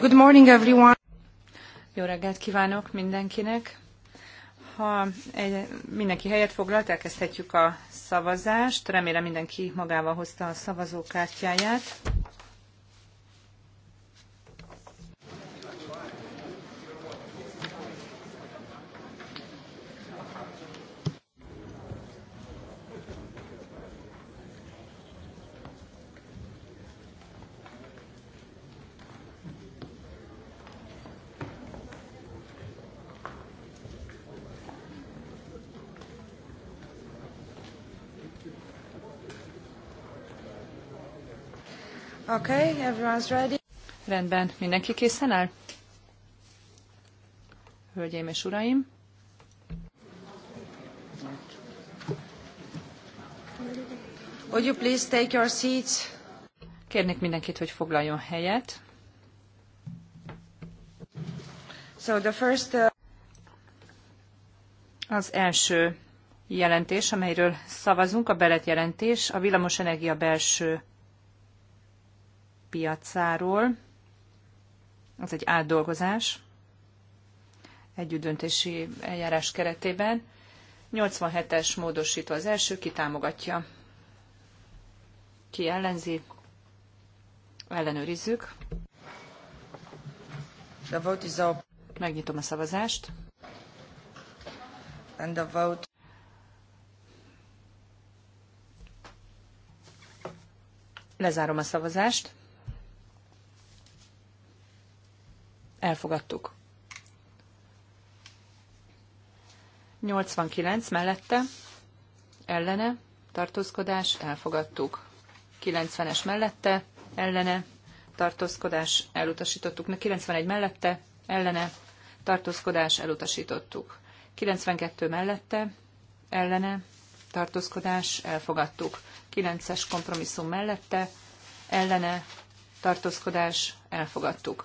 Good morning everyone. Jó reggelt kívánok mindenkinek. Ha egy, mindenki helyet foglalt, elkezdhetjük a szavazást. Remélem mindenki magával hozta a szavazókártyáját. Okay, everyone's ready. Rendben, mindenki készen áll? Hölgyeim és uraim! Would you please take your seats? Kérnék mindenkit, hogy foglaljon helyet. So the first, uh... Az első jelentés, amelyről szavazunk, a belet jelentés, a villamosenergia belső piacáról. Ez egy átdolgozás együttdöntési eljárás keretében. 87-es módosító az első, ki támogatja, ki ellenzi, ellenőrizzük. The vote is up. Megnyitom a szavazást. And the vote. Lezárom a szavazást. Elfogadtuk. 89 mellette, ellene, tartózkodás, elfogadtuk. 90-es mellette, ellene, tartózkodás, elutasítottuk. 91 mellette, ellene, tartózkodás, elutasítottuk. 92 mellette, ellene, tartózkodás, elfogadtuk. 9-es kompromisszum mellette, ellene, tartózkodás, elfogadtuk.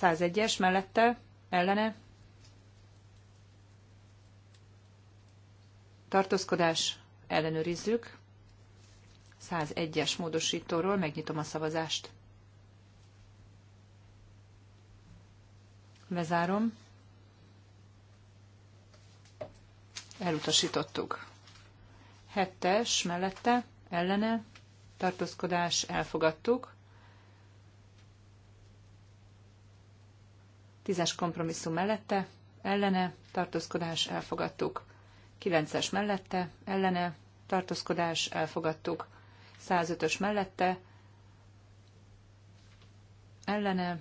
101-es mellette, ellene, tartózkodás, ellenőrizzük. 101-es módosítóról megnyitom a szavazást. Lezárom. Elutasítottuk. 7-es mellette, ellene, tartózkodás, elfogadtuk. Tízes kompromisszum mellette, ellene, tartózkodás, elfogadtuk. Kilences mellette, ellene, tartózkodás, elfogadtuk. 105-ös mellette, ellene,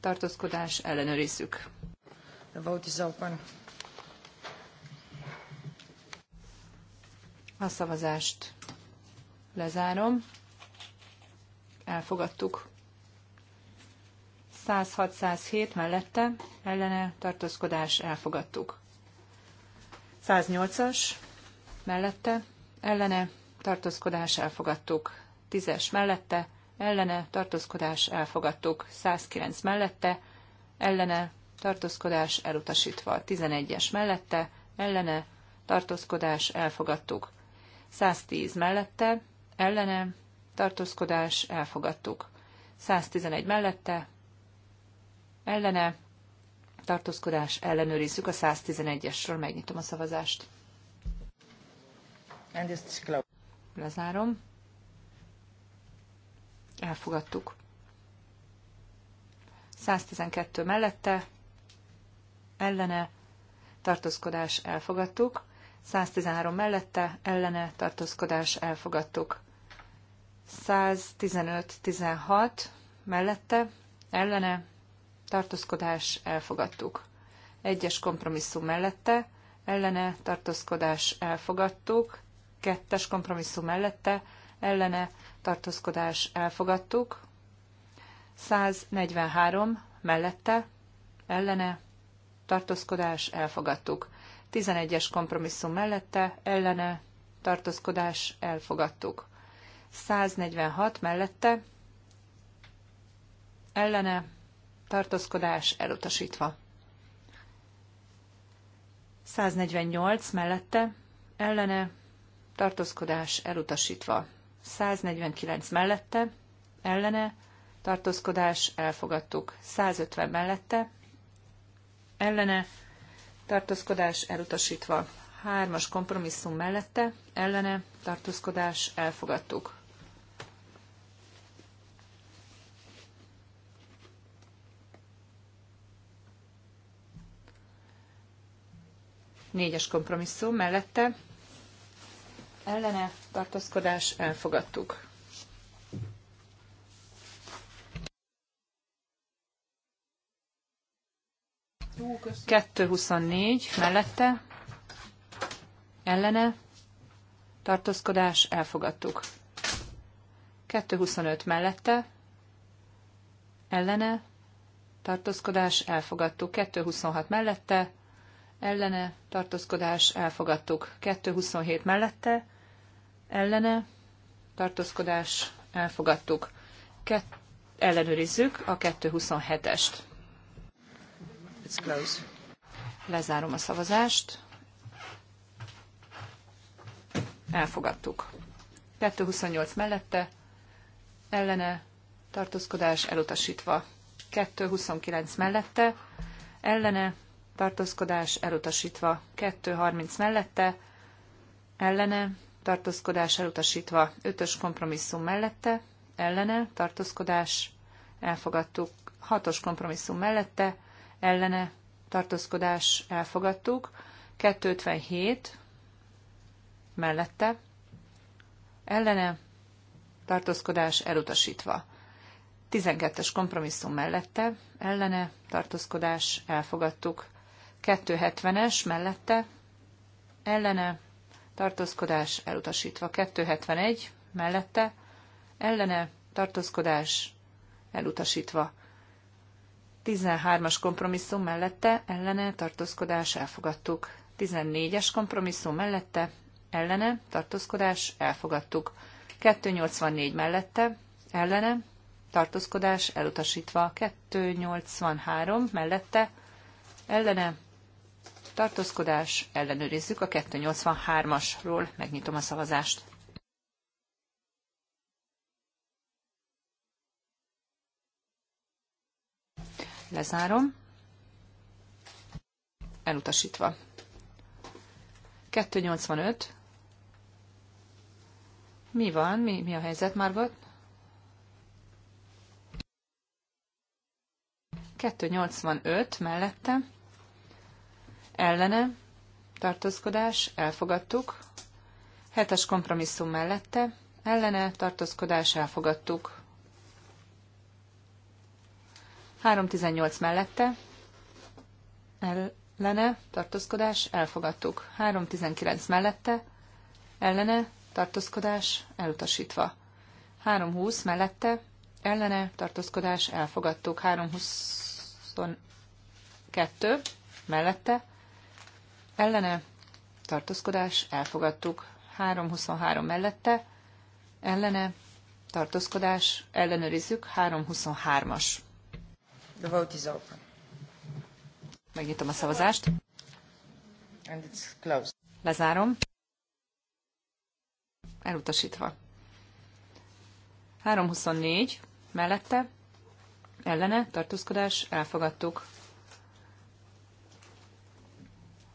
tartózkodás, ellenőrizzük. The vote is open. A szavazást lezárom. Elfogadtuk. 106-107 mellette ellene tartózkodás elfogadtuk. 108-as mellette ellene tartózkodás elfogadtuk. 10-es mellette ellene tartózkodás elfogadtuk. 109 mellette ellene tartózkodás elutasítva. 11-es mellette ellene tartózkodás elfogadtuk. 110 mellette ellene tartózkodás elfogadtuk. 111 mellette ellene, tartózkodás ellenőrizzük a 111-esről, megnyitom a szavazást. And Lezárom. Elfogadtuk. 112 mellette, ellene, tartózkodás elfogadtuk. 113 mellette, ellene, tartózkodás elfogadtuk. 115-16 mellette, ellene, tartózkodás elfogadtuk. Egyes kompromisszum mellette, ellene tartózkodás elfogadtuk, kettes kompromisszum mellette, ellene tartózkodás elfogadtuk, 143 mellette, ellene tartózkodás elfogadtuk, 11-es kompromisszum mellette, ellene tartózkodás elfogadtuk, 146 mellette, ellene tartózkodás elutasítva. 148 mellette, ellene, tartózkodás elutasítva. 149 mellette, ellene, tartózkodás elfogadtuk. 150 mellette, ellene, tartózkodás elutasítva. Hármas kompromisszum mellette, ellene, tartózkodás elfogadtuk. Négyes kompromisszum mellette ellene tartózkodás elfogadtuk. Kettő 224 mellette ellene tartózkodás elfogadtuk. 225 mellette ellene tartózkodás elfogadtuk. 226 mellette ellene tartózkodás elfogadtuk. 227 mellette ellene tartózkodás elfogadtuk. Ket ellenőrizzük a 227-est. Lezárom a szavazást. Elfogadtuk. 228 mellette ellene tartózkodás elutasítva. 229 mellette ellene tartózkodás elutasítva 2.30 mellette, ellene, tartózkodás elutasítva 5-ös kompromisszum mellette, ellene, tartózkodás, elfogadtuk 6-os kompromisszum mellette, ellene, tartózkodás, elfogadtuk 257 mellette, ellene, tartózkodás elutasítva. 12-es kompromisszum mellette, ellene, tartózkodás, elfogadtuk. 270-es mellette ellene tartózkodás elutasítva. 271 mellette ellene tartózkodás elutasítva. 13-as kompromisszum mellette ellene tartózkodás elfogadtuk. 14-es kompromisszum mellette ellene tartózkodás elfogadtuk. 284 mellette ellene tartózkodás elutasítva. 283 mellette ellene tartózkodás, ellenőrizzük a 283-asról, megnyitom a szavazást. Lezárom. Elutasítva. 285. Mi van? Mi, mi a helyzet, Margot? 285 mellette ellene, tartózkodás, elfogadtuk. Hetes kompromisszum mellette, ellene, tartózkodás, elfogadtuk. 318 mellette, ellene, tartózkodás, elfogadtuk. 319 mellette, ellene, tartózkodás, elutasítva. 320 mellette, ellene, tartózkodás, elfogadtuk. 322 mellette, ellene, tartózkodás, elfogadtuk. 323 mellette, ellene, tartózkodás, ellenőrizzük, 323-as. The vote is open. Megnyitom a szavazást. And it's closed. Lezárom. Elutasítva. 324 mellette, ellene, tartózkodás, elfogadtuk.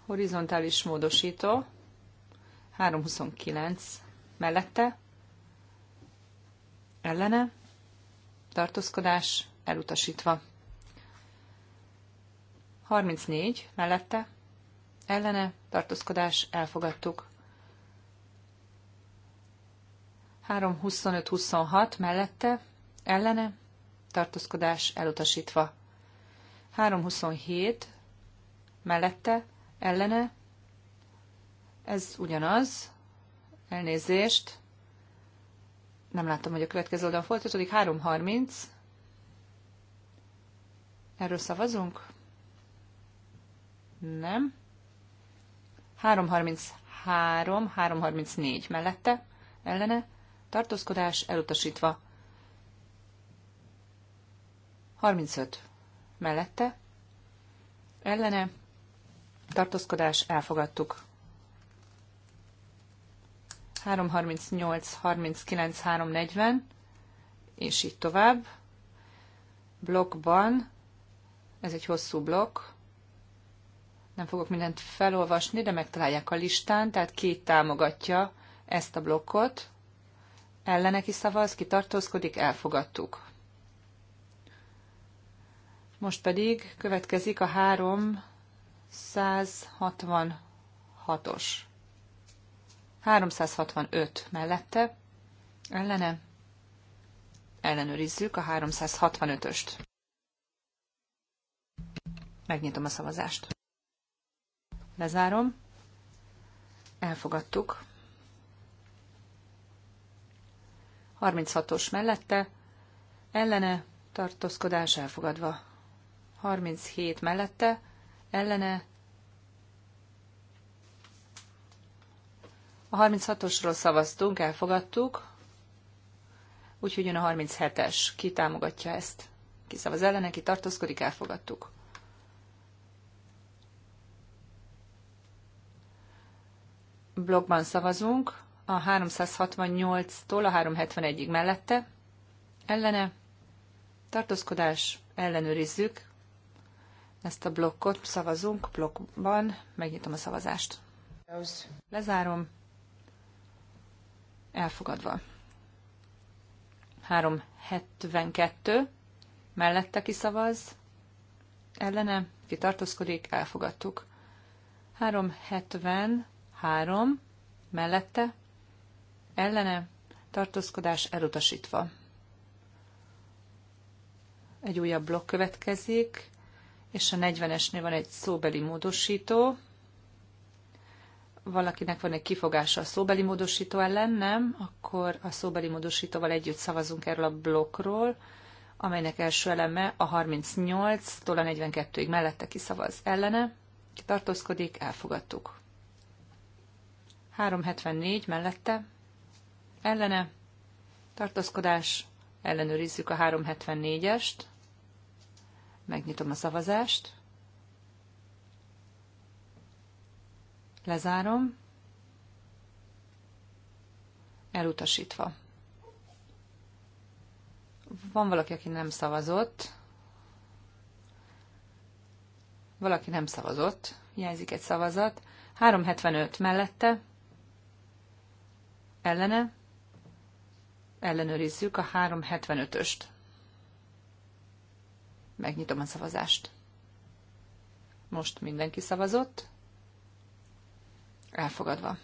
Horizontális módosító. 329 mellette. Ellene. Tartózkodás elutasítva. 34 mellette. Ellene. Tartózkodás elfogadtuk. 325-26 mellette. Ellene. Tartózkodás elutasítva. 327 mellette ellene, ez ugyanaz, elnézést, nem láttam, hogy a következő oldalon folytatódik, 3.30, erről szavazunk? Nem. 333, 334 mellette, ellene, tartózkodás elutasítva. 35 mellette, ellene, tartózkodás, elfogadtuk. 338, 39, 340, és így tovább. Blokkban, ez egy hosszú blokk, nem fogok mindent felolvasni, de megtalálják a listán, tehát két támogatja ezt a blokkot, ellene ki tartózkodik, elfogadtuk. Most pedig következik a három 166-os. 365 mellette, ellene, ellenőrizzük a 365-öst. Megnyitom a szavazást. Lezárom. Elfogadtuk. 36-os mellette, ellene, tartózkodás elfogadva. 37 mellette, ellene. A 36-osról szavaztunk, elfogadtuk, úgyhogy jön a 37-es. Ki támogatja ezt? Ki szavaz ellene, ki tartózkodik, elfogadtuk. Blogban szavazunk a 368-tól a 371-ig mellette. Ellene, tartózkodás, ellenőrizzük, ezt a blokkot. Szavazunk blokkban, megnyitom a szavazást. Lezárom. Elfogadva. 372. Mellette kiszavaz. Ellene. Kitartózkodik. Elfogadtuk. 373. Mellette. Ellene. Tartózkodás elutasítva. Egy újabb blokk következik és a 40-esnél van egy szóbeli módosító. Valakinek van egy kifogása a szóbeli módosító ellen, nem? Akkor a szóbeli módosítóval együtt szavazunk erről a blokkról, amelynek első eleme a 38-tól a 42-ig mellette kiszavaz ellene, ki tartózkodik, elfogadtuk. 374 mellette, ellene, tartózkodás, ellenőrizzük a 374-est, Megnyitom a szavazást. Lezárom. Elutasítva. Van valaki, aki nem szavazott. Valaki nem szavazott. Hiányzik egy szavazat. 375 mellette. Ellene. Ellenőrizzük a 375-öst. Megnyitom a szavazást. Most mindenki szavazott. Elfogadva.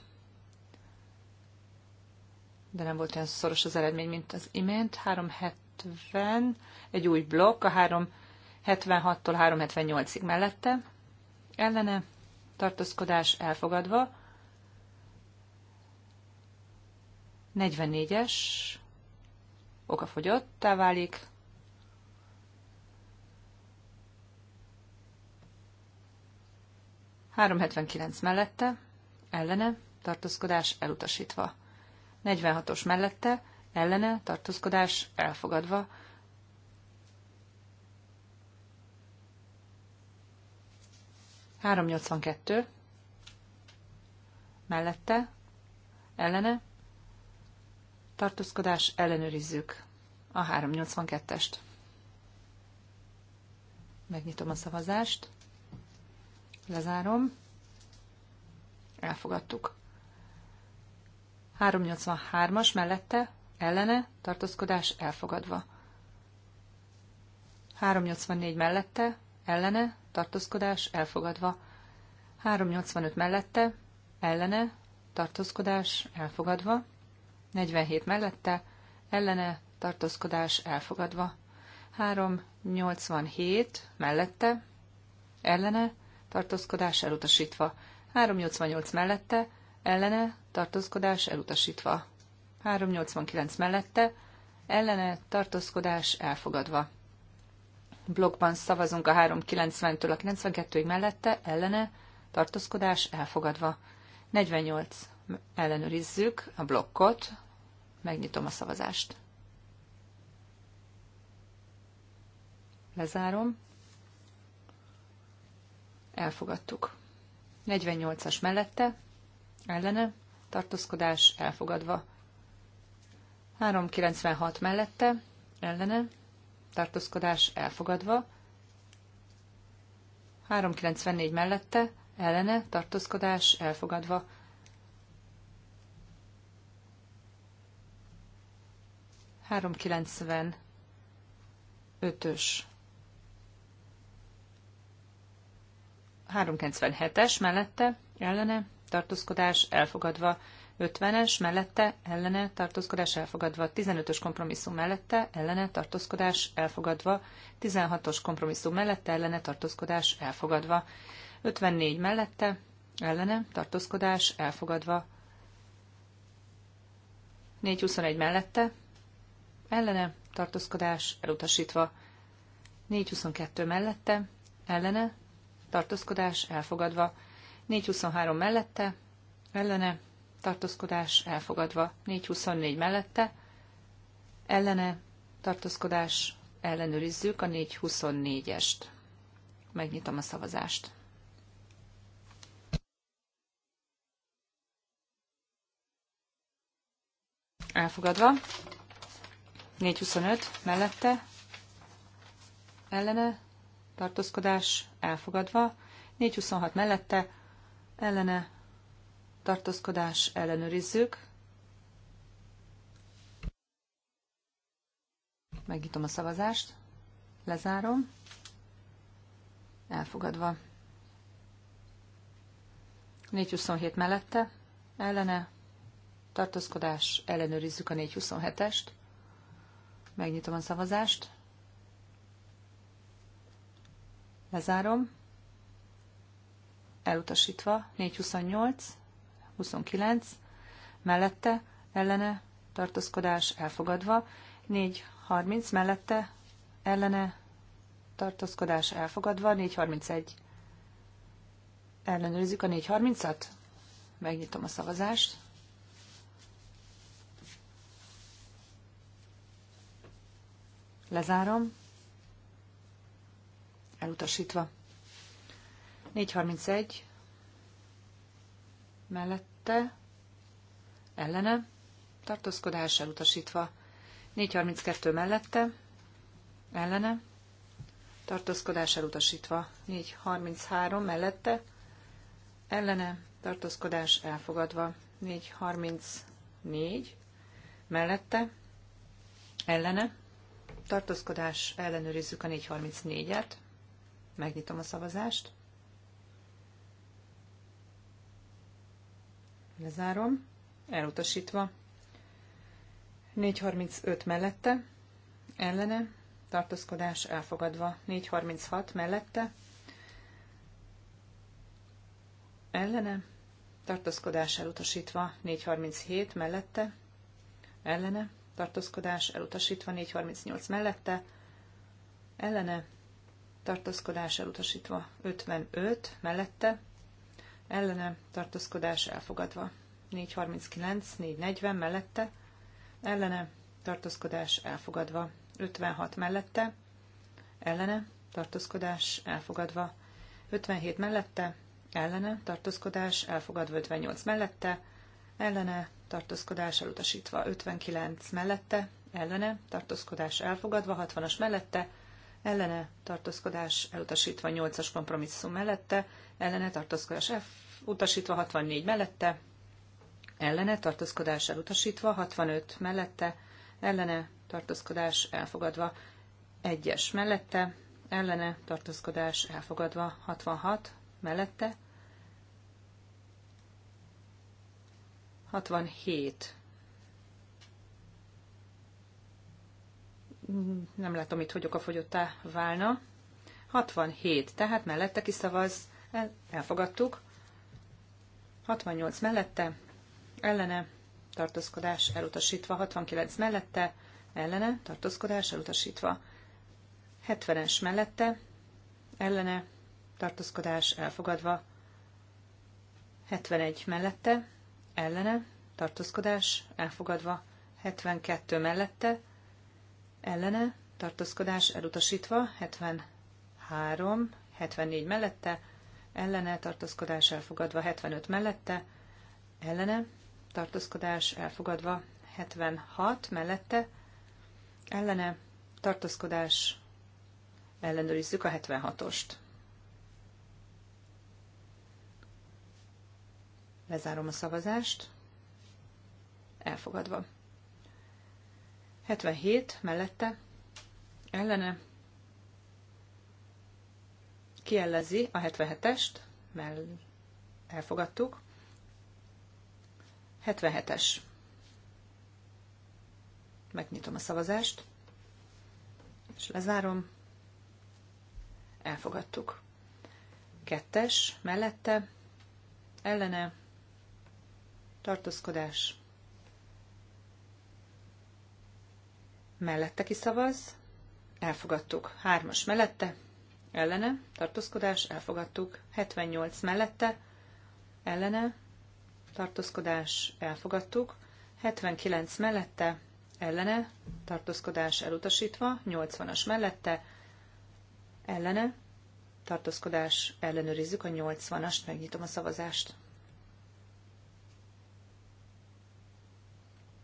De nem volt olyan szoros az eredmény, mint az imént. 370, egy új blokk, a 376-tól 378-ig mellette. Ellene tartózkodás elfogadva. 44-es okafogyottá válik, 379 mellette, ellene, tartózkodás elutasítva. 46-os mellette, ellene, tartózkodás elfogadva. Három mellette, ellene, tartózkodás ellenőrizzük a 382-est. Megnyitom a szavazást lezárom, elfogadtuk. 383-as mellette, ellene, tartózkodás elfogadva. 384 mellette, ellene, tartózkodás elfogadva. 385 mellette, ellene, tartózkodás elfogadva. 47 mellette, ellene, tartózkodás elfogadva. 387 mellette, ellene, tartózkodás elutasítva. 388 mellette, ellene, tartózkodás elutasítva. 389 mellette, ellene, tartózkodás elfogadva. Blogban szavazunk a 390-től a 92-ig mellette, ellene, tartózkodás elfogadva. 48. Ellenőrizzük a blokkot, megnyitom a szavazást. Lezárom elfogadtuk. 48-as mellette, ellene, tartózkodás elfogadva. 396 mellette, ellene, tartózkodás elfogadva. 394 mellette, ellene, tartózkodás elfogadva. 395-ös 397-es mellette ellene tartózkodás elfogadva, 50-es mellette ellene tartózkodás elfogadva, 15-ös kompromisszum mellette ellene tartózkodás elfogadva, 16-os kompromisszum mellette ellene tartózkodás elfogadva, 54 mellette ellene tartózkodás elfogadva, 421 mellette ellene tartózkodás elutasítva, 422 mellette ellene tartózkodás elfogadva, 423 mellette, ellene, tartózkodás elfogadva, 424 mellette, ellene, tartózkodás ellenőrizzük a 424-est. Megnyitom a szavazást. Elfogadva. 425 mellette, ellene, tartózkodás elfogadva, 426 mellette ellene tartózkodás ellenőrizzük. Megnyitom a szavazást, lezárom, elfogadva. 427 mellette ellene tartózkodás ellenőrizzük a 427-est. Megnyitom a szavazást. Lezárom. Elutasítva. 428, 29. Mellette, ellene, tartózkodás elfogadva. 430 mellette, ellene, tartózkodás elfogadva. 431. Ellenőrizzük a 430-at. Megnyitom a szavazást. Lezárom elutasítva. 431 mellette, ellene, tartózkodás elutasítva. 432 mellette, ellene, tartózkodás elutasítva. 433 mellette, ellene, tartózkodás elfogadva. 434 mellette, ellene, tartózkodás ellenőrizzük a 434-et. Megnyitom a szavazást. Lezárom. Elutasítva. 4.35 mellette. Ellene. Tartózkodás elfogadva. 4.36 mellette. Ellene. Tartózkodás elutasítva. 4.37 mellette. Ellene. Tartózkodás elutasítva. 4.38 mellette. Ellene tartózkodás elutasítva 55 mellette, ellene tartózkodás elfogadva 439, 440 mellette, ellene tartózkodás elfogadva 56 mellette, ellene tartózkodás elfogadva 57 mellette, ellene tartózkodás elfogadva 58 mellette, ellene tartózkodás elutasítva 59 mellette, ellene tartózkodás elfogadva 60-as mellette, ellene tartózkodás elutasítva 8-as kompromisszum mellette, ellene tartózkodás F utasítva 64 mellette, ellene tartózkodás elutasítva 65 mellette, ellene tartózkodás elfogadva 1-es mellette, ellene tartózkodás elfogadva 66 mellette, 67 nem látom itt, hogy okafogyottá válna. 67, tehát mellette kiszavaz, el, elfogadtuk. 68 mellette, ellene, tartózkodás elutasítva. 69 mellette, ellene, tartózkodás elutasítva. 70-es mellette, ellene, tartózkodás elfogadva. 71 mellette, ellene, tartózkodás elfogadva. 72 mellette, ellene, tartózkodás elutasítva, 73, 74 mellette, ellene, tartózkodás elfogadva, 75 mellette, ellene, tartózkodás elfogadva, 76 mellette, ellene, tartózkodás, ellenőrizzük a 76-ost. Lezárom a szavazást. Elfogadva. 77 mellette ellene kiellezi a 77-est, mert elfogadtuk. 77-es. Megnyitom a szavazást, és lezárom. Elfogadtuk. Kettes, mellette, ellene, tartózkodás, mellette kiszavaz, elfogadtuk. Hármas mellette, ellene, tartózkodás, elfogadtuk. 78 mellette, ellene, tartózkodás, elfogadtuk. 79 mellette, ellene, tartózkodás elutasítva, 80-as mellette, ellene, tartózkodás ellenőrizzük a 80-ast, megnyitom a szavazást.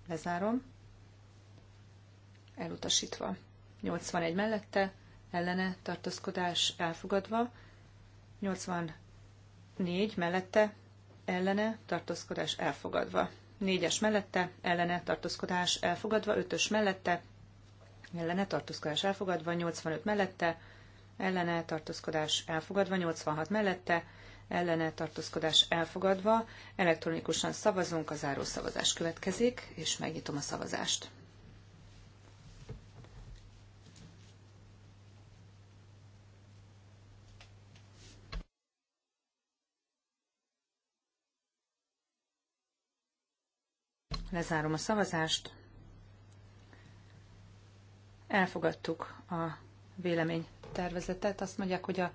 Lezárom elutasítva. 81 mellette, ellene tartózkodás elfogadva, 84 mellette, ellene tartózkodás elfogadva, 4-es mellette, ellene tartózkodás elfogadva, 5-ös mellette, ellene tartózkodás elfogadva, 85 mellette, ellene tartózkodás elfogadva, 86 mellette, ellene tartózkodás elfogadva, elektronikusan szavazunk, a szavazás következik, és megnyitom a szavazást. Lezárom a szavazást. Elfogadtuk a véleménytervezetet. Azt mondják, hogy a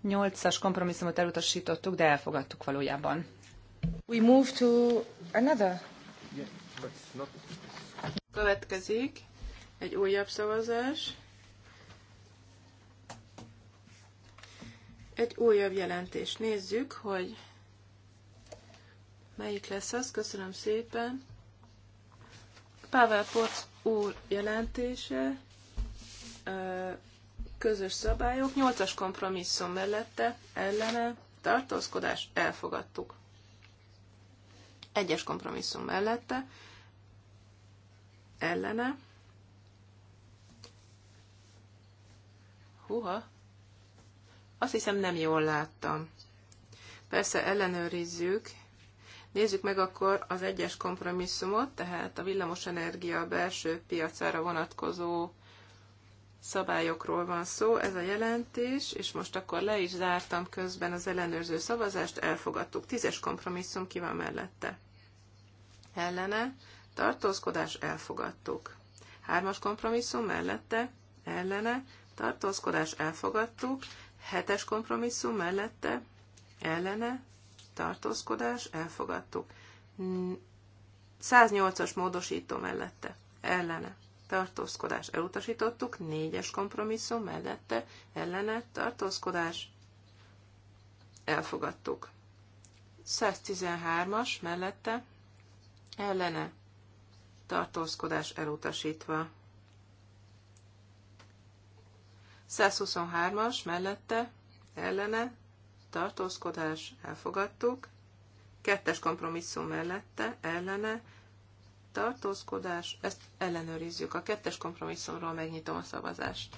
nyolcas kompromisszumot elutasítottuk, de elfogadtuk valójában. We move to another. Következik egy újabb szavazás. Egy újabb jelentés. Nézzük, hogy melyik lesz az. Köszönöm szépen. Pável Poc úr jelentése, közös szabályok, nyolcas kompromisszum mellette, ellene, tartózkodás, elfogadtuk. Egyes kompromisszum mellette, ellene, Huha. Azt hiszem nem jól láttam. Persze ellenőrizzük, Nézzük meg akkor az egyes kompromisszumot, tehát a villamosenergia belső piacára vonatkozó szabályokról van szó, ez a jelentés, és most akkor le is zártam közben az ellenőrző szavazást, elfogadtuk. Tízes kompromisszum ki van mellette? Ellene, tartózkodás, elfogadtuk. Hármas kompromisszum mellette, ellene, tartózkodás, elfogadtuk. Hetes kompromisszum mellette, ellene, tartózkodás, elfogadtuk. 108-as módosító mellette, ellene, tartózkodás, elutasítottuk. 4-es kompromisszum mellette, ellene, tartózkodás, elfogadtuk. 113-as mellette, ellene, tartózkodás elutasítva. 123-as mellette, ellene, tartózkodás, elfogadtuk. Kettes kompromisszum mellette, ellene, tartózkodás, ezt ellenőrizzük. A kettes kompromisszumról megnyitom a szavazást.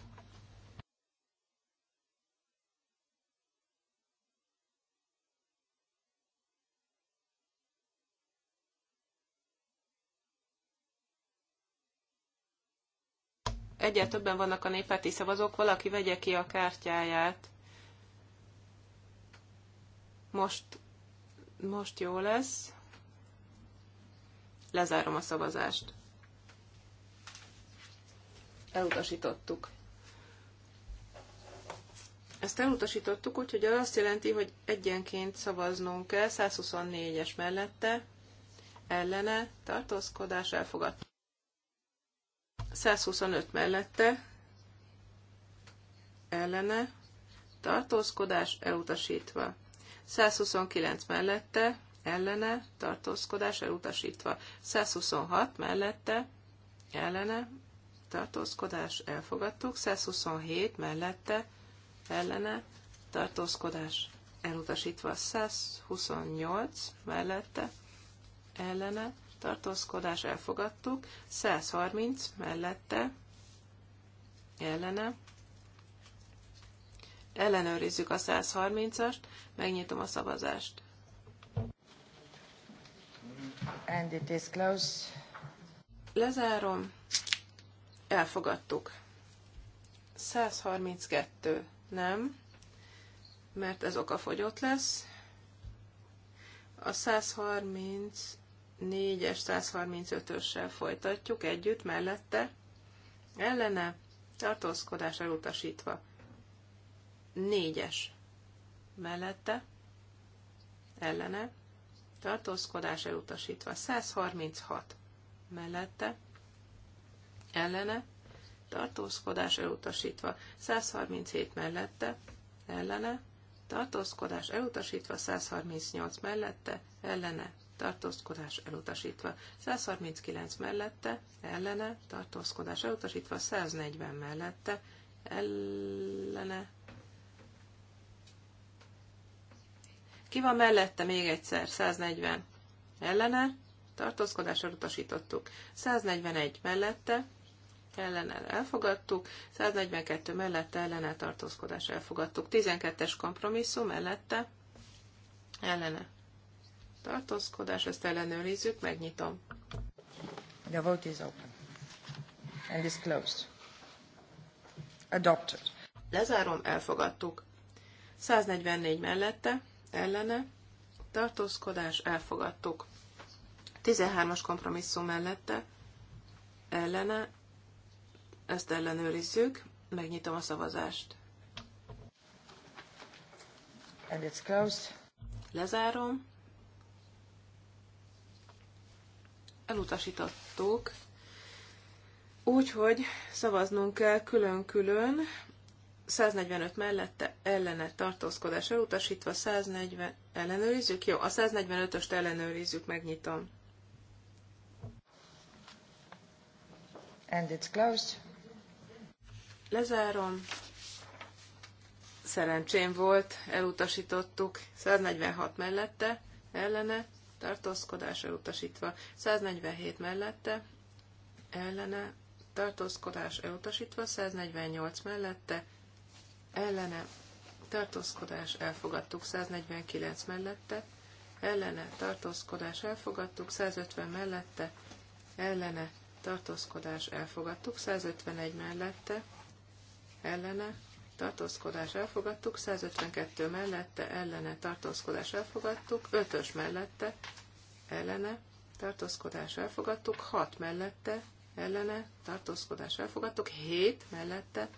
egyre többen vannak a néppárti szavazók, valaki vegye ki a kártyáját most, most jó lesz. Lezárom a szavazást. Elutasítottuk. Ezt elutasítottuk, úgyhogy az azt jelenti, hogy egyenként szavaznunk kell 124-es mellette, ellene, tartózkodás elfogadt. 125 mellette, ellene, tartózkodás elutasítva. 129 mellette, ellene, tartózkodás elutasítva. 126 mellette, ellene, tartózkodás elfogadtuk. 127 mellette, ellene, tartózkodás elutasítva. 128 mellette, ellene, tartózkodás elfogadtuk. 130 mellette, ellene, ellenőrizzük a 130-ast, megnyitom a szavazást. And it is close. Lezárom. Elfogadtuk. 132. Nem, mert ez okafogyott lesz. A 134-es, 135-össel folytatjuk együtt, mellette, ellene, tartózkodás elutasítva. Négyes mellette, ellene, tartózkodás elutasítva. 136 mellette, ellene, tartózkodás elutasítva. 137 mellette, ellene, tartózkodás elutasítva. 138 mellette, ellene, tartózkodás elutasítva. 139 mellette, ellene, tartózkodás elutasítva. 140 mellette, ellene, Ki van mellette még egyszer? 140. Ellene? Tartózkodásra utasítottuk. 141 mellette? Ellene elfogadtuk. 142 mellette ellene tartózkodás elfogadtuk. 12-es kompromisszum mellette? Ellene. Tartózkodás, ezt ellenőrizzük, megnyitom. The vote is open. And is closed. Adopted. Lezárom, elfogadtuk. 144 mellette, ellene, tartózkodás elfogadtuk. 13-as kompromisszum mellette, ellene, ezt ellenőrizzük, megnyitom a szavazást. And it's closed. Lezárom. Elutasítottuk. Úgyhogy szavaznunk kell külön-külön 145 mellette ellene tartózkodás elutasítva, 140 ellenőrizzük. Jó, a 145-öst ellenőrizzük, megnyitom. And it's closed. Lezárom. Szerencsém volt, elutasítottuk. 146 mellette, ellene, tartózkodás elutasítva. 147 mellette, ellene, tartózkodás elutasítva. 148 mellette, ellene tartózkodás elfogadtuk 149 mellette, ellene tartózkodás elfogadtuk 150 mellette, ellene tartózkodás elfogadtuk 151 mellette, ellene tartózkodás elfogadtuk 152 mellette, ellene tartózkodás elfogadtuk 5-ös mellette, ellene tartózkodás elfogadtuk 6 mellette, ellene tartózkodás elfogadtuk 7 mellette,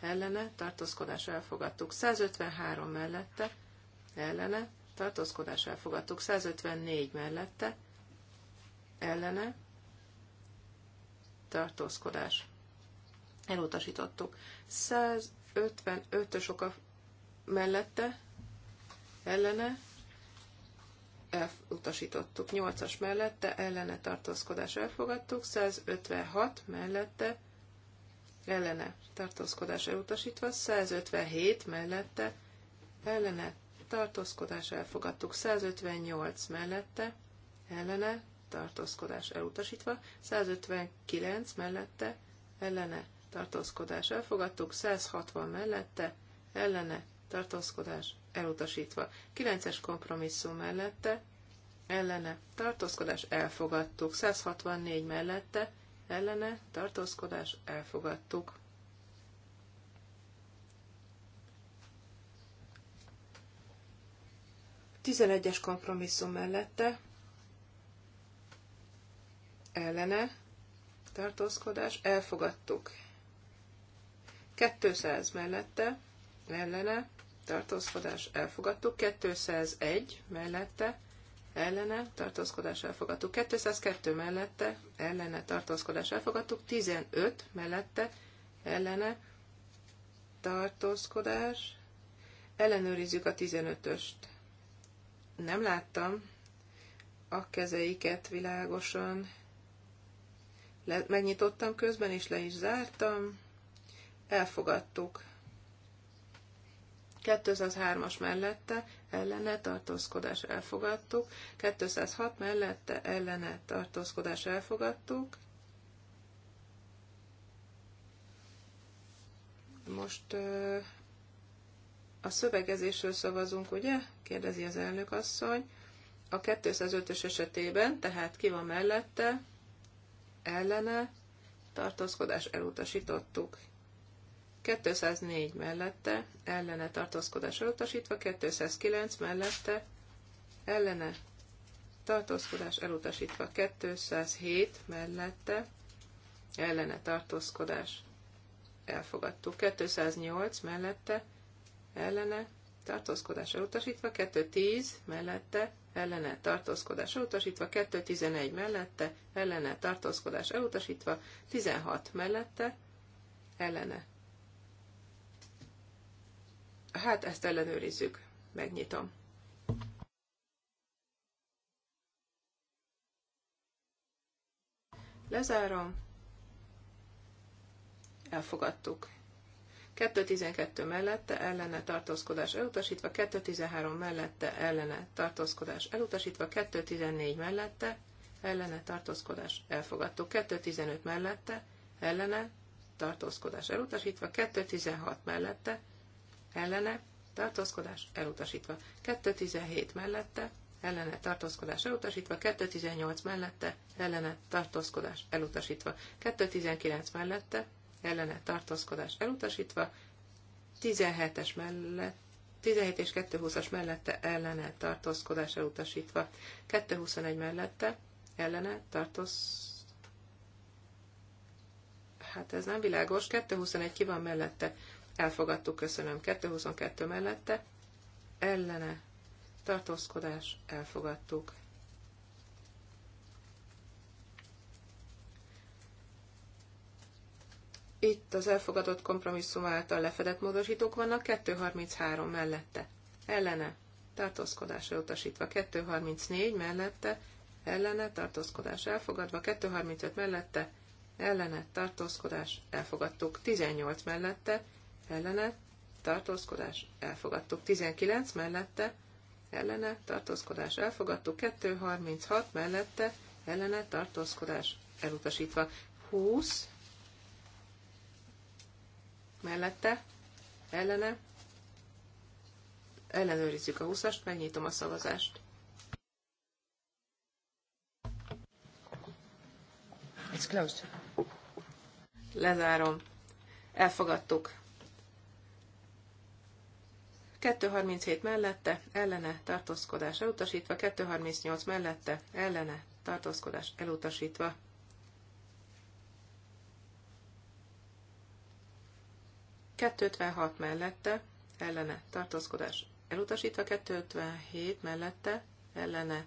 ellene, tartózkodás elfogadtuk. 153 mellette, ellene, tartózkodás elfogadtuk. 154 mellette, ellene, tartózkodás. Elutasítottuk. 155-ös oka mellette, ellene, elutasítottuk. 8-as mellette, ellene tartózkodás elfogadtuk. 156 mellette, ellene tartózkodás elutasítva, 157 mellette ellene tartózkodás elfogadtuk, 158 mellette ellene tartózkodás elutasítva, 159 mellette ellene tartózkodás elfogadtuk, 160 mellette ellene tartózkodás elutasítva, 9-es kompromisszum mellette ellene tartózkodás elfogadtuk, 164 mellette ellene tartózkodás elfogadtuk. Tizenegyes kompromisszum mellette ellene tartózkodás elfogadtuk. 200 mellette ellene tartózkodás elfogadtuk, 201 mellette ellene tartózkodás elfogadtuk. 202 mellette ellene tartózkodás elfogadtuk. 15 mellette ellene tartózkodás. Ellenőrizzük a 15-öst. Nem láttam a kezeiket világosan. Le, megnyitottam közben, és le is zártam. Elfogadtuk. 203-as mellette ellene tartózkodás elfogadtuk, 206 mellette ellene tartózkodás elfogadtuk, Most a szövegezésről szavazunk, ugye? kérdezi az elnök asszony. A 205-ös esetében, tehát ki van mellette, ellene, tartózkodás elutasítottuk. 204 mellette, ellene tartózkodás elutasítva, 209 mellette, ellene tartózkodás elutasítva, 207 mellette, ellene tartózkodás elfogadtuk, 208 mellette, ellene tartózkodás elutasítva, 210 mellette, ellene tartózkodás elutasítva, 211 mellette, ellene tartózkodás elutasítva, 16 mellette, ellene Hát ezt ellenőrizzük. Megnyitom. Lezárom. Elfogadtuk. 2.12 mellette ellene tartózkodás elutasítva, 2.13 mellette ellene tartózkodás elutasítva, 2.14 mellette ellene tartózkodás elfogadtuk, 2.15 mellette ellene tartózkodás elutasítva, 2.16 mellette ellene, tartózkodás elutasítva. 217 mellette, ellene tartózkodás elutasítva, 218 mellette, ellene tartózkodás elutasítva, 219 mellette, ellene tartózkodás elutasítva, 17-es mellett, 17 és 220-as mellette ellene tartózkodás elutasítva, 221 mellette ellene tartóz... Hát ez nem világos, 221 ki van mellette Elfogadtuk, köszönöm. 222 mellette. Ellene. Tartózkodás. Elfogadtuk. Itt az elfogadott kompromisszum által lefedett módosítók vannak, 233 mellette. Ellene. tartózkodás elutasítva, 234 mellette. Ellene. Tartózkodás elfogadva. 235 mellette. Ellene. Tartózkodás elfogadtuk. 18 mellette ellene, tartózkodás, elfogadtuk. 19 mellette, ellene, tartózkodás, elfogadtuk. 236 mellette, ellene, tartózkodás, elutasítva. 20 mellette, ellene, ellenőrizzük a 20-ast, megnyitom a szavazást. It's closed. Lezárom. Elfogadtuk. 237 mellette ellene tartózkodás elutasítva, 238 mellette ellene tartózkodás elutasítva. hat mellette ellene tartózkodás elutasítva, 257 mellette ellene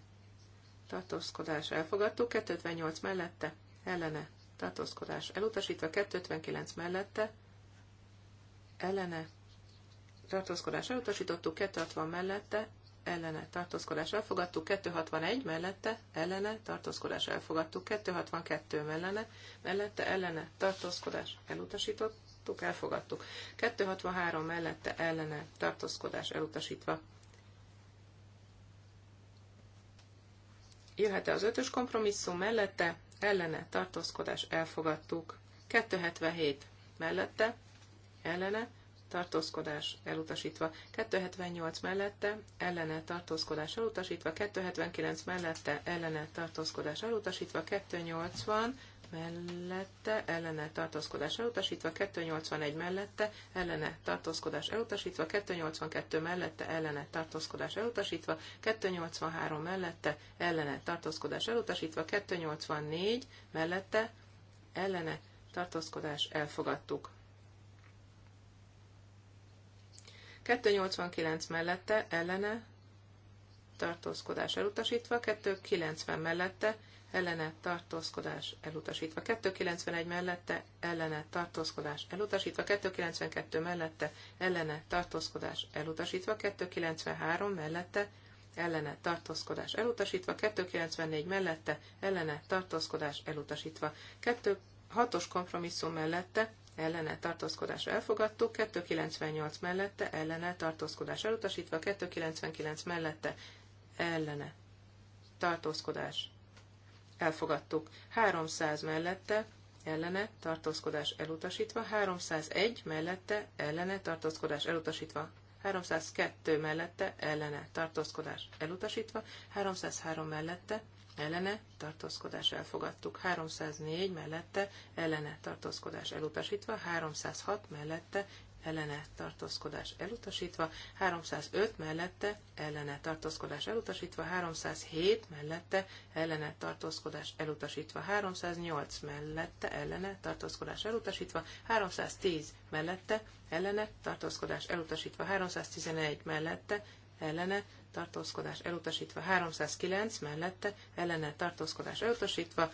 tartózkodás elfogadtuk, 258 mellette ellene tartózkodás elutasítva, 259 mellette ellene tartózkodás elutasítottuk, 260 mellette, ellene tartózkodás elfogadtuk, 261 mellette, ellene tartózkodás elfogadtuk, 262 mellene, mellette ellene tartózkodás elutasítottuk, elfogadtuk, 263 mellette ellene tartózkodás elutasítva. Jöhet-e az ötös kompromisszum mellette, ellene tartózkodás elfogadtuk, 277 mellette, ellene tartózkodás elutasítva, 278 mellette, ellene tartózkodás elutasítva, 279 mellette, ellene tartózkodás elutasítva, 280 mellette, ellene tartózkodás elutasítva, 281 mellette, ellene tartózkodás elutasítva, 282 mellette, ellene tartózkodás elutasítva, 283 mellette, ellene tartózkodás elutasítva, 284 mellette, ellene tartózkodás elfogadtuk. 289 mellette ellene tartózkodás elutasítva, 290 mellette ellene tartózkodás elutasítva, 291 mellette ellene tartózkodás elutasítva, 292 mellette ellene tartózkodás elutasítva, 293 mellette ellene tartózkodás elutasítva, 294 mellette ellene tartózkodás elutasítva, 2 hatos kompromisszum mellette ellene tartózkodás elfogadtuk, 298 mellette ellene tartózkodás elutasítva, 299 mellette ellene tartózkodás elfogadtuk, 300 mellette ellene tartózkodás elutasítva, 301 mellette ellene tartózkodás elutasítva, 302 mellette ellene tartózkodás elutasítva, 303 mellette ellene tartózkodás elfogadtuk, 304 mellette ellene tartózkodás elutasítva, 306 mellette ellene tartózkodás elutasítva, 305 mellette ellene tartózkodás elutasítva, 307 mellette ellene tartózkodás elutasítva, 308 mellette ellene tartózkodás elutasítva, 310 mellette ellene tartózkodás elutasítva, 311 mellette ellene tartózkodás elutasítva, 309 mellette ellene tartózkodás elutasítva,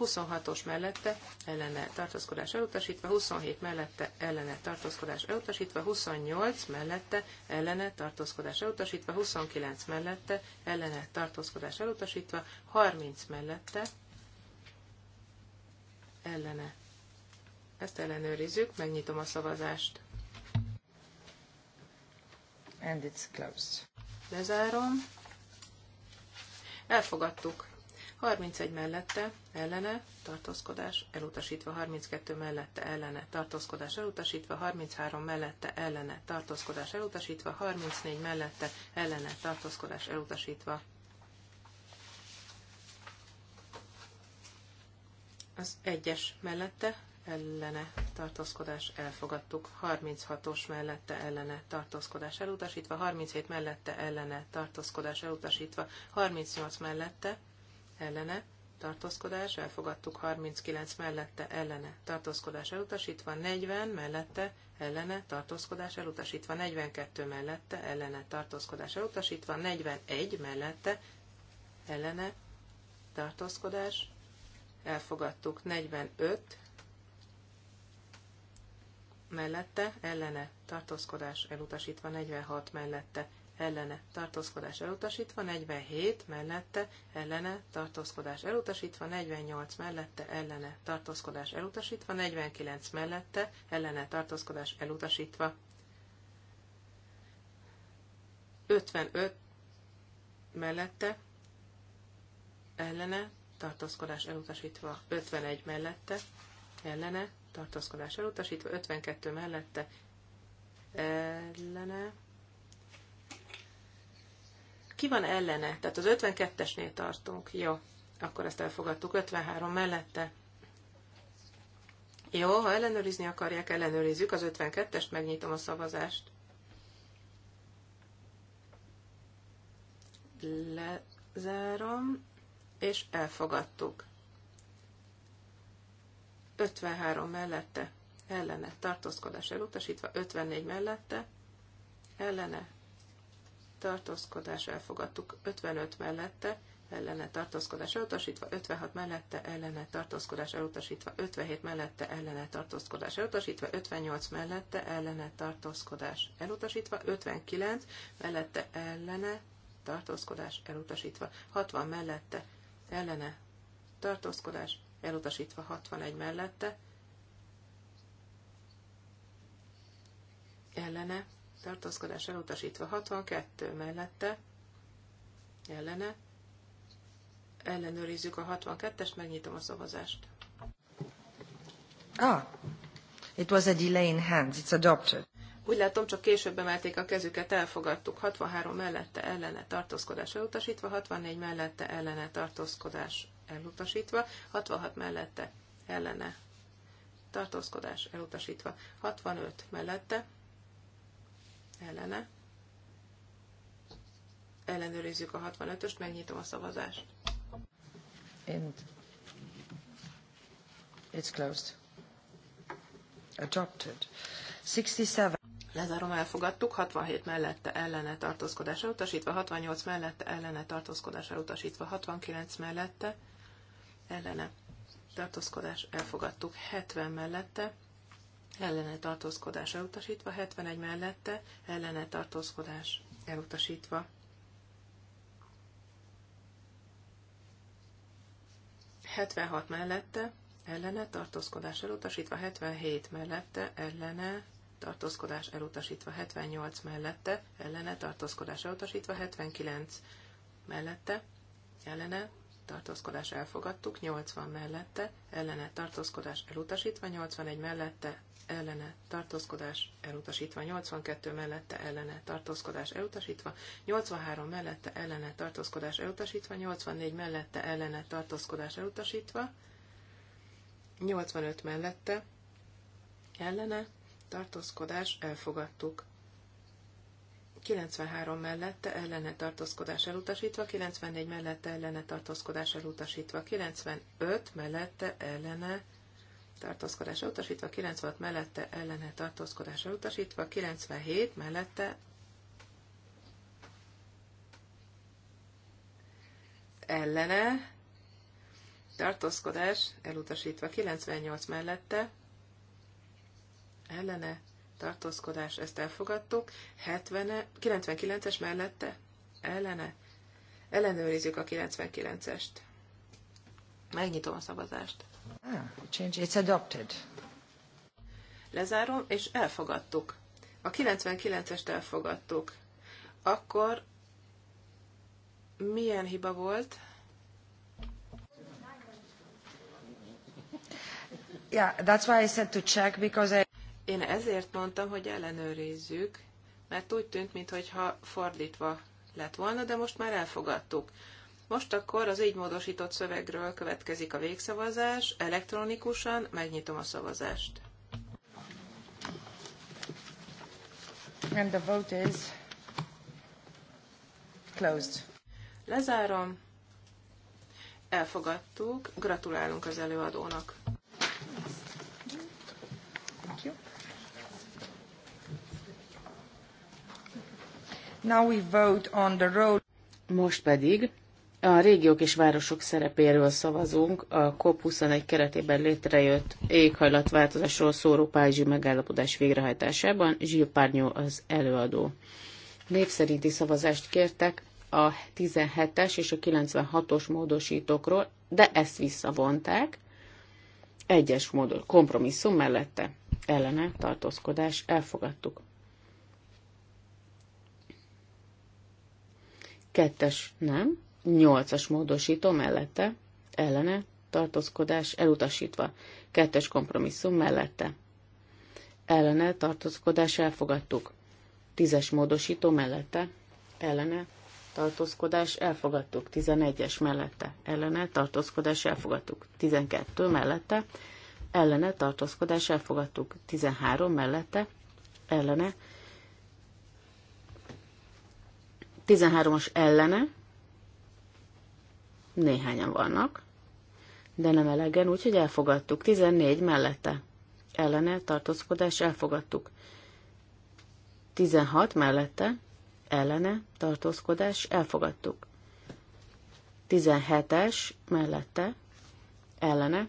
26-os mellette ellene tartózkodás elutasítva, 27 mellette ellene tartózkodás elutasítva, 28 mellette ellene tartózkodás elutasítva, 29 mellette ellene tartózkodás elutasítva, 30 mellette ellene. Ezt ellenőrizzük, megnyitom a szavazást. And it's closed. Lezárom. Elfogadtuk. 31 mellette, ellene, tartózkodás, elutasítva 32 mellette, ellene, tartózkodás, elutasítva 33 mellette, ellene, tartózkodás, elutasítva 34 mellette, ellene, tartózkodás, elutasítva. Az egyes mellette, ellene tartózkodás elfogadtuk, 36-os mellette ellene tartózkodás elutasítva, 37 mellette ellene tartózkodás elutasítva, 38 mellette ellene tartózkodás elfogadtuk, 39 mellette ellene tartózkodás elutasítva, 40 mellette ellene tartózkodás elutasítva, 42 mellette ellene tartózkodás elutasítva, 41 mellette ellene tartózkodás elfogadtuk, 45 mellette, ellene, tartózkodás elutasítva, 46 mellette, ellene, tartózkodás elutasítva, 47 mellette, ellene, tartózkodás elutasítva, 48 mellette, ellene, tartózkodás elutasítva, 49 mellette, ellene, tartózkodás elutasítva, 55 mellette, ellene, tartózkodás elutasítva, 51 mellette, ellene, tartózkodás elutasítva, 52 mellette ellene. Ki van ellene? Tehát az 52-esnél tartunk. Jó, akkor ezt elfogadtuk. 53 mellette. Jó, ha ellenőrizni akarják, ellenőrizzük az 52-est, megnyitom a szavazást. Lezárom, és elfogadtuk. 53 mellette ellene tartózkodás elutasítva, 54 mellette ellene tartózkodás elfogadtuk, 55 mellette ellene tartózkodás elutasítva, 56 mellette ellene tartózkodás elutasítva, 57 mellette ellene tartózkodás elutasítva, 58 mellette ellene tartózkodás elutasítva, 59 mellette ellene tartózkodás elutasítva, 60 mellette ellene tartózkodás elutasítva 61 mellette, ellene, tartózkodás elutasítva 62 mellette, ellene, ellenőrizzük a 62 es megnyitom a szavazást. Ah, it was a delay in hands, it's adopted. Úgy látom, csak később emelték a kezüket, elfogadtuk. 63 mellette ellene tartózkodás elutasítva, 64 mellette ellene tartózkodás elutasítva, 66 mellette ellene tartózkodás elutasítva, 65 mellette ellene ellenőrizzük a 65-öst, megnyitom a szavazást. And it's closed. Adopted. 67. Lezárom, elfogadtuk, 67 mellette ellene tartózkodás elutasítva, 68 mellette ellene tartózkodás elutasítva, 69 mellette ellene tartózkodás elfogadtuk, 70 mellette ellene tartózkodás elutasítva, 71 mellette ellene tartózkodás elutasítva. 76 mellette ellene tartózkodás elutasítva, 77 mellette ellene tartózkodás elutasítva, 78 mellette ellene tartózkodás elutasítva, 79 mellette ellene tartózkodás elfogadtuk, 80 mellette, ellene tartózkodás elutasítva, 81 mellette, ellene tartózkodás elutasítva, 82 mellette ellene tartózkodás elutasítva, 83 mellette ellene tartózkodás elutasítva, 84 mellette ellene tartózkodás elutasítva, 85 mellette ellene tartózkodás elfogadtuk. 93 mellette ellene tartózkodás elutasítva, 94 mellette ellene tartózkodás elutasítva, 95 mellette ellene tartózkodás elutasítva, 96 mellette ellene tartózkodás elutasítva, 97 mellette ellene tartózkodás elutasítva, 98 mellette ellene tartózkodás, ezt elfogadtuk. 70 99-es mellette ellene. Ellenőrizzük a 99-est. Megnyitom a szavazást. Ah, change. It's adopted. Lezárom, és elfogadtuk. A 99-est elfogadtuk. Akkor milyen hiba volt? Yeah, that's why I said to check because I én ezért mondtam, hogy ellenőrizzük, mert úgy tűnt, mintha fordítva lett volna, de most már elfogadtuk. Most akkor az így módosított szövegről következik a végszavazás, elektronikusan megnyitom a szavazást. And the vote is closed. Lezárom. Elfogadtuk. Gratulálunk az előadónak. Now we vote on the role. Most pedig a régiók és városok szerepéről szavazunk a COP21 keretében létrejött éghajlatváltozásról szóró párizsi megállapodás végrehajtásában. Zsil Párnyó az előadó. Népszerinti szerinti szavazást kértek a 17-es és a 96-os módosítókról, de ezt visszavonták. Egyes módon kompromisszum mellette ellene tartózkodás elfogadtuk. Kettes nem. Nyolcas módosító mellette, ellene, tartózkodás elutasítva. Kettes kompromisszum mellette. Ellene, tartózkodás elfogadtuk. Tízes módosító mellette, ellene, tartózkodás elfogadtuk. Tizenegyes mellette, ellene, tartózkodás elfogadtuk. Tizenkettő mellette, ellene, tartózkodás elfogadtuk. Tizenhárom mellette, ellene, 13-as ellene, néhányan vannak, de nem elegen, úgyhogy elfogadtuk. 14 mellette, ellene, tartózkodás, elfogadtuk. 16 mellette, ellene, tartózkodás, elfogadtuk. 17-es mellette, ellene,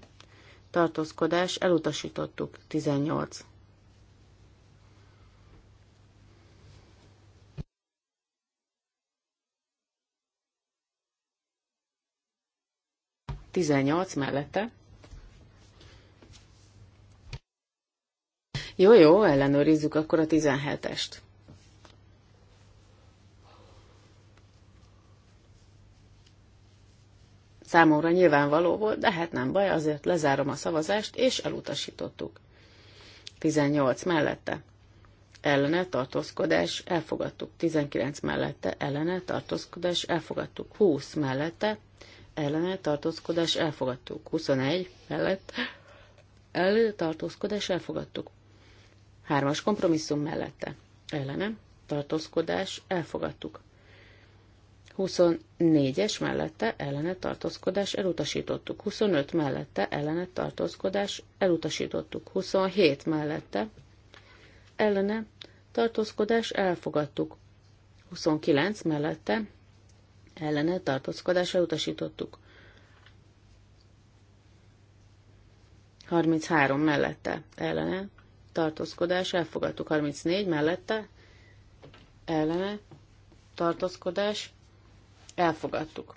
tartózkodás, elutasítottuk. 18 18 mellette. Jó, jó, ellenőrizzük akkor a 17-est. Számomra nyilvánvaló volt, de hát nem baj, azért lezárom a szavazást, és elutasítottuk. 18 mellette. Ellene tartózkodás, elfogadtuk. 19 mellette, ellene tartózkodás, elfogadtuk. 20 mellette, ellene tartózkodás elfogadtuk. 21 mellett ellene tartózkodás elfogadtuk. Hármas kompromisszum mellette ellene tartózkodás elfogadtuk. 24-es mellette ellene tartózkodás elutasítottuk. 25 mellette ellene tartózkodás elutasítottuk. 27 mellette ellene tartózkodás elfogadtuk. 29 mellette ellene tartózkodásra utasítottuk. 33 mellette ellene tartózkodás, elfogadtuk 34 mellette ellene tartózkodás, elfogadtuk.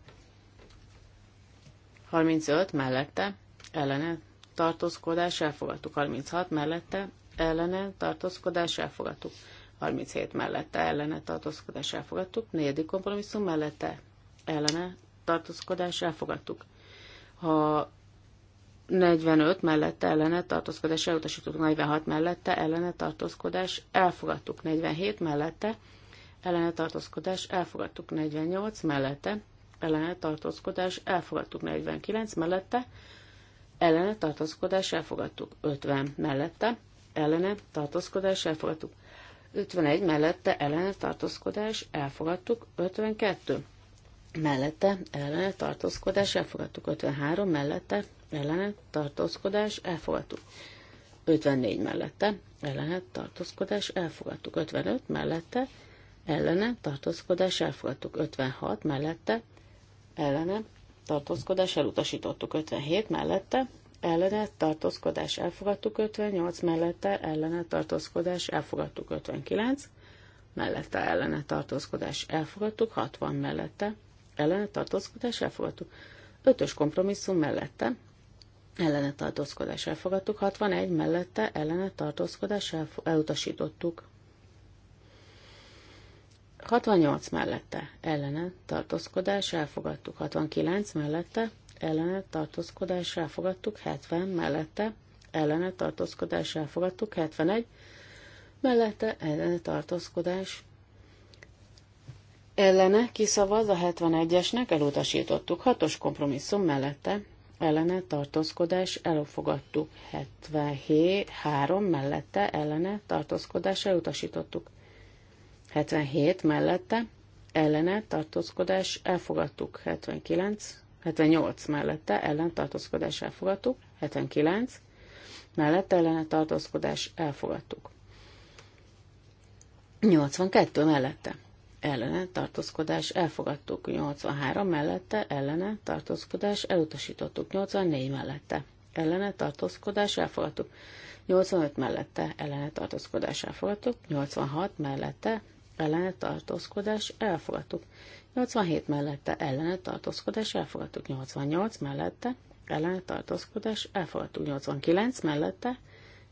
35 mellette ellene tartózkodás, elfogadtuk. 36 mellette ellene tartózkodás, elfogadtuk. 37 mellette ellene tartózkodás elfogadtuk, 4. kompromisszum mellette ellene tartózkodás elfogadtuk. Ha 45 mellette ellene tartózkodás elutasítottuk, 46 mellette ellene tartózkodás elfogadtuk, 47 mellette ellene tartózkodás elfogadtuk, 48 mellette ellene tartózkodás elfogadtuk, 49 mellette ellene tartózkodás elfogadtuk, 50 mellette ellene tartózkodás elfogadtuk, 51 mellette ellene tartózkodás elfogadtuk, 52 mellette ellene tartózkodás elfogadtuk. 53 mellette ellene tartózkodás elfogadtuk. 54 mellette ellene tartózkodás elfogadtuk. 55 mellette ellene tartózkodás elfogadtuk. 56 mellette ellene tartózkodás elutasítottuk. 57 mellette ellene tartózkodás elfogadtuk 58, mellette ellene tartózkodás elfogadtuk 59, mellette ellene tartózkodás elfogadtuk 60 mellette, ellene tartózkodás elfogadtuk. Ötös kompromisszum mellette ellene tartózkodás elfogadtuk. 61 mellette ellene tartózkodás elutasítottuk. 68 mellette ellene tartózkodás elfogadtuk. 69 mellette ellene tartózkodás elfogadtuk. 70 mellette ellene tartózkodás elfogadtuk. 71 mellette ellene tartózkodás ellene kiszavaz a 71-esnek, elutasítottuk. Hatos kompromisszum mellette ellene tartózkodás elfogadtuk. 77, 3 mellette ellene tartózkodás elutasítottuk. 77 mellette ellene tartózkodás elfogadtuk. 79, 78 mellette ellen tartózkodás elfogadtuk. 79 mellette ellene tartózkodás elfogadtuk. 82 mellette ellene tartózkodás elfogadtuk 83 mellette, ellene tartózkodás elutasítottuk 84 mellette, ellene tartózkodás elfogadtuk 85 mellette, ellene tartózkodás elfogadtuk 86 mellette, ellene tartózkodás elfogadtuk 87 mellette, ellene tartózkodás elfogadtuk 88 mellette, ellene tartózkodás elfogadtuk 89 mellette,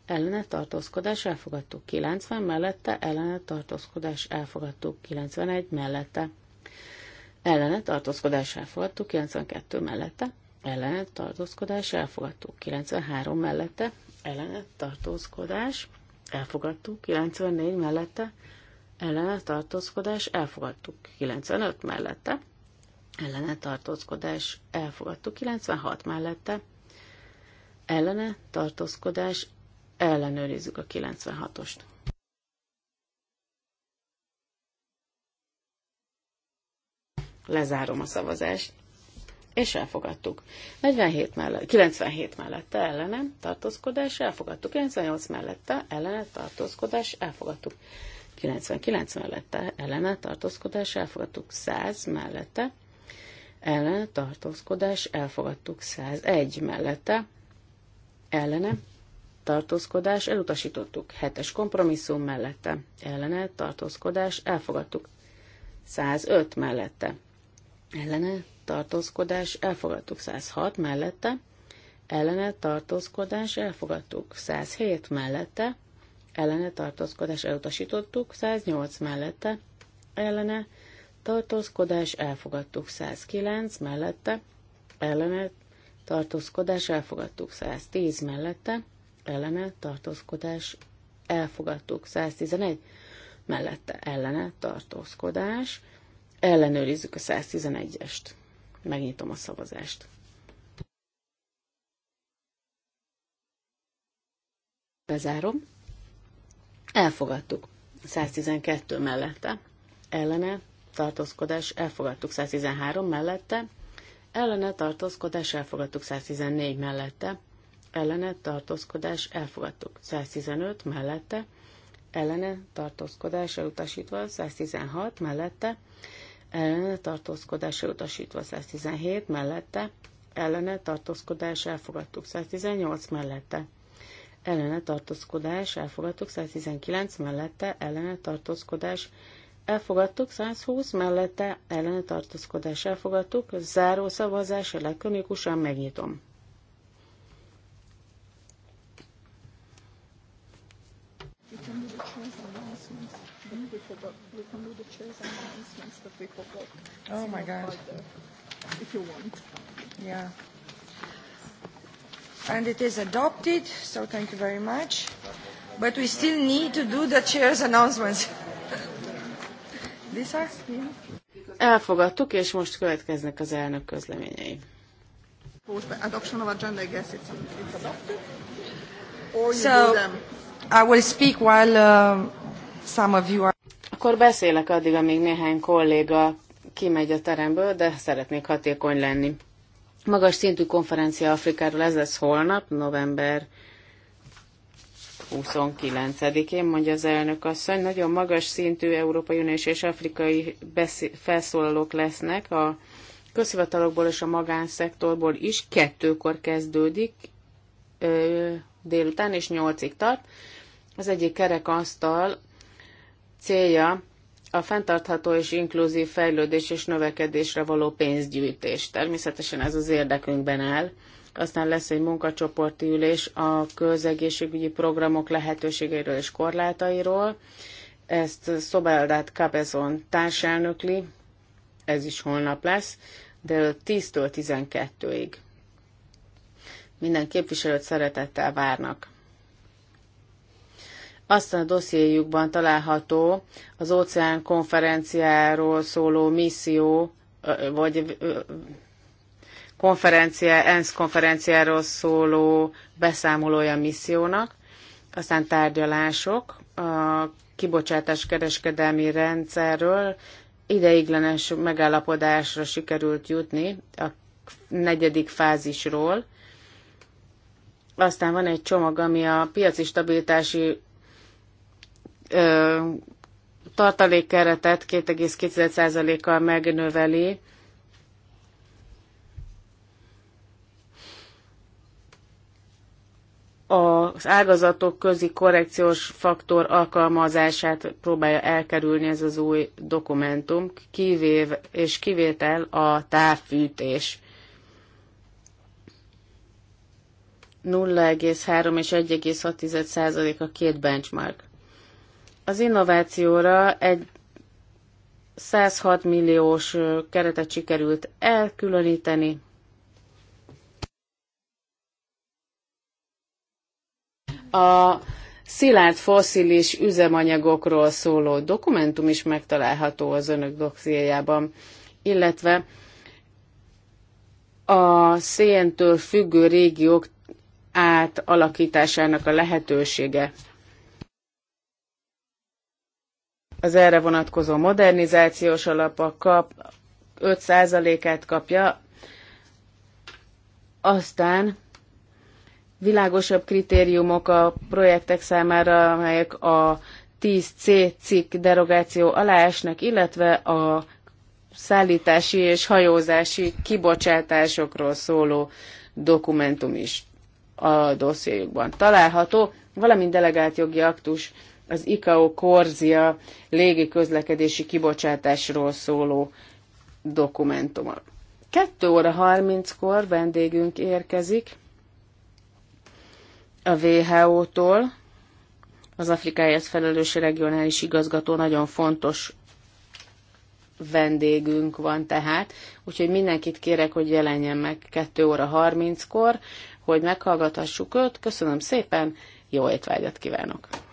ellene tartózkodás elfogadtuk 90, mellette ellene tartózkodás elfogadtuk 91, mellette ellene tartózkodás elfogadtuk 92 mellette, ellene tartózkodás elfogadtuk 93 mellette, ellene tartózkodás elfogadtuk 94 mellette, ellene tartózkodás elfogadtuk 95 mellette, ellene tartózkodás elfogadtuk 96 mellette, ellene tartózkodás Ellenőrizzük a 96-ost. Lezárom a szavazást. És elfogadtuk. 47 mellett, 97 mellette ellenem tartózkodás, elfogadtuk. 98 mellette ellene tartózkodás, elfogadtuk. 99 mellette ellene tartózkodás, elfogadtuk. 100 mellette ellene tartózkodás, elfogadtuk 101 mellette, ellene tartózkodás, elutasítottuk. Hetes kompromisszum mellette, ellene, tartózkodás, elfogadtuk. 105 mellette, ellene, tartózkodás, elfogadtuk. 106 mellette, ellene, tartózkodás, elfogadtuk. 107 mellette, ellene, tartózkodás, elutasítottuk. 108 mellette, ellene, tartózkodás, elfogadtuk. 109 mellette, ellene, tartózkodás, elfogadtuk. 110 mellette, ellene tartózkodás elfogadtuk. 111 mellette ellene tartózkodás. Ellenőrizzük a 111-est. Megnyitom a szavazást. Bezárom. Elfogadtuk. 112 mellette. Ellene tartózkodás elfogadtuk 113 mellette. Ellene tartózkodás elfogadtuk 114 mellette ellene tartózkodás elfogadtuk. 115 mellette ellene tartózkodás elutasítva, 116 mellette ellene tartózkodás elutasítva, 117 mellette ellene tartózkodás elfogadtuk, 118 mellette ellene tartózkodás elfogadtuk, 119 mellette ellene tartózkodás elfogadtuk, 120 mellette ellene tartózkodás elfogadtuk, záró szavazás elektronikusan megnyitom. forgot. We can do the chairs and the instruments, that we forgot. Oh my God. There, if you want. Yeah. And it is adopted, so thank you very much. But we still need to do the chairs announcements. These are? Yeah. Elfogadtuk, és most következnek az elnök közleményei. so, I will speak while uh, some of you are akkor beszélek addig, amíg néhány kolléga kimegy a teremből, de szeretnék hatékony lenni. Magas szintű konferencia Afrikáról ez lesz holnap, november 29-én, mondja az elnök asszony. Nagyon magas szintű Európai Uniós és afrikai felszólalók lesznek a közhivatalokból és a magánszektorból is. Kettőkor kezdődik ö, délután, és nyolcig tart. Az egyik kerekasztal célja a fenntartható és inkluzív fejlődés és növekedésre való pénzgyűjtés. Természetesen ez az érdekünkben áll. Aztán lesz egy munkacsoporti ülés a közegészségügyi programok lehetőségeiről és korlátairól. Ezt Szobáldát Cabezon társelnökli, ez is holnap lesz, de 10-től 12-ig. Minden képviselőt szeretettel várnak. Aztán a dossziéjukban található az óceán konferenciáról szóló misszió, vagy konferencia, ENSZ konferenciáról szóló beszámolója missziónak, aztán tárgyalások a kibocsátás kereskedelmi rendszerről, ideiglenes megállapodásra sikerült jutni a negyedik fázisról. Aztán van egy csomag, ami a piaci stabilitási tartalékkeretet 2,2%-kal megnöveli, az ágazatok közi korrekciós faktor alkalmazását próbálja elkerülni ez az új dokumentum, kivév és kivétel a távfűtés. 0,3 és 1,6 százalék a két benchmark. Az innovációra egy 106 milliós keretet sikerült elkülöníteni. A szilárd fosszilis üzemanyagokról szóló dokumentum is megtalálható az önök doxiéjában, illetve a széntől függő régiók átalakításának a lehetősége az erre vonatkozó modernizációs alap a kap 5%-át kapja, aztán világosabb kritériumok a projektek számára, amelyek a 10C cikk derogáció alá esnek, illetve a szállítási és hajózási kibocsátásokról szóló dokumentum is a dossziéjukban található, valamint delegált jogi aktus az ICAO Korzia légi közlekedési kibocsátásról szóló dokumentuma. 2 óra 30-kor vendégünk érkezik a WHO-tól, az Afrikáért felelős regionális igazgató nagyon fontos vendégünk van tehát, úgyhogy mindenkit kérek, hogy jelenjen meg 2 óra 30-kor, hogy meghallgathassuk őt. Köszönöm szépen, jó étvágyat kívánok!